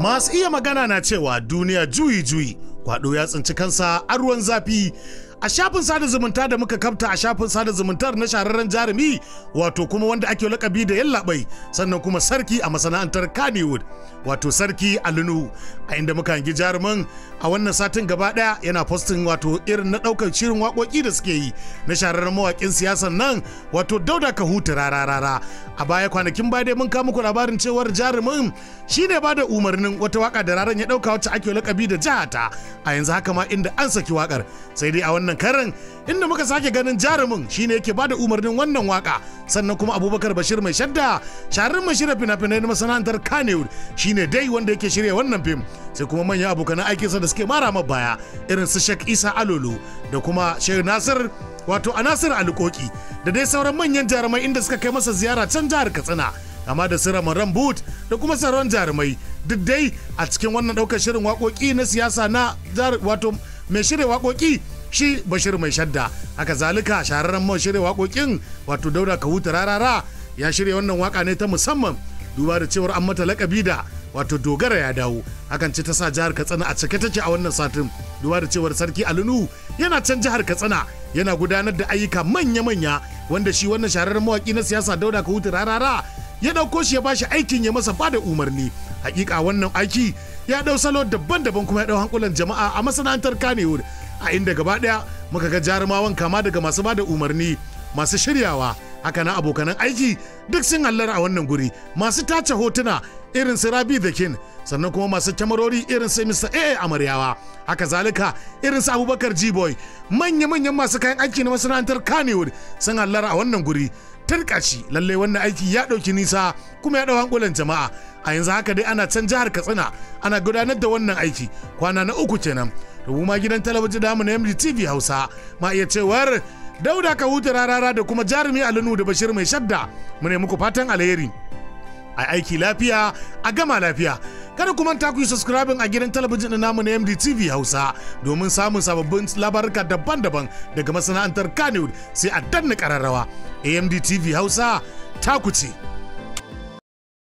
masu iya magana na cewa duniya juyi juyi kwado ya tsinci kansa a ruwan zafi a shafin sada zumunta da muka kafta a shafin sada zumuntar na shahararren jarumi wato kuma wanda ake lakabi da yallaɓai sannan kuma sarki a masana'antar kanewood wato sarki lunu. a inda muka hangi jaruman a wannan satin gaba ɗaya yana postin wato irin na ɗaukar shirin wakoki da suke yi na shahararren mawaƙin siyasan nan wato Dauda ka Kahuta rararara a baya kwanakin baya dai mun kawo muku labarin cewar jarumin shine ba da umarnin wata waka da raran ya ɗauka wacce ake lakabi da jihata a yanzu haka ma inda an saki wakar sai dai a wannan wannan karin inda muka sake ganin jarumin shine yake bada umarnin wannan waka sannan kuma abubakar bashir mai shadda shahararren mai shirya fina-finai na masana'antar kanewood shine dai wanda yake shirya wannan fim sai kuma manyan abokanan aikinsa da suke mara ma baya irin su shek isa alolo da kuma shehu nasir wato nasir alikoki da dai sauran manyan jarumai inda suka kai masa ziyara can jihar katsina amma da sirra maran boot da kuma sauran jarumai duk dai a cikin wannan ɗaukar shirin waƙoƙi na siyasa na wato mai shirya waƙoƙi shi bashir mai shadda haka zalika shahararren man shirya waƙoƙin wato dauda kahuta rarara ya shirya wannan waƙa ne ta musamman duba da cewar an mata lakabi da wato dogara ya dawo hakan ce ta sa jihar katsina a cike take a wannan satin duba da cewar sarki alunu yana can jihar katsina yana gudanar da ayyuka manya-manya wanda shi wannan shahararren mawaki na siyasa dauda kahuta rarara ya ɗauko shi ya bashi aikin ya masa bada umarni hakika wannan aiki ya ɗau salo daban-daban kuma ya ɗau hankulan jama'a a masana'antar kanewood a inda gaba ɗaya muka ga jarumawan kama daga masu bada umarni masu shiryawa haka na abokanan aiki duk sun hallara a wannan guri masu tace hotuna irin su rabi da kin sannan kuma masu kyamarori irin su mr aa amaryawa haka zalika irin su abubakar g-boy manya-manyan masu kayan aiki na masana'antar kanewood sun hallara a wannan guri tarka shi lalle wannan aiki ya ɗauki nisa kuma ya ɗau hankulan jama'a a yanzu haka dai ana can jihar katsina ana gudanar da wannan aiki kwana na uku kenan rubu ma gidan talabijin damu na tv hausa ma iya cewar dauda ka huta rarara da kuma jarumi alinu da bashir mai shadda mu ne muku fatan alheri a aiki lafiya a gama lafiya kada kuma ta ku yi subscribing a gidan talabijin namu na MDTV Hausa domin samun sababbin labaruka daban-daban daga masana'antar Kanewood sai a danna kararrawa AMD TV Hausa ta ku ce.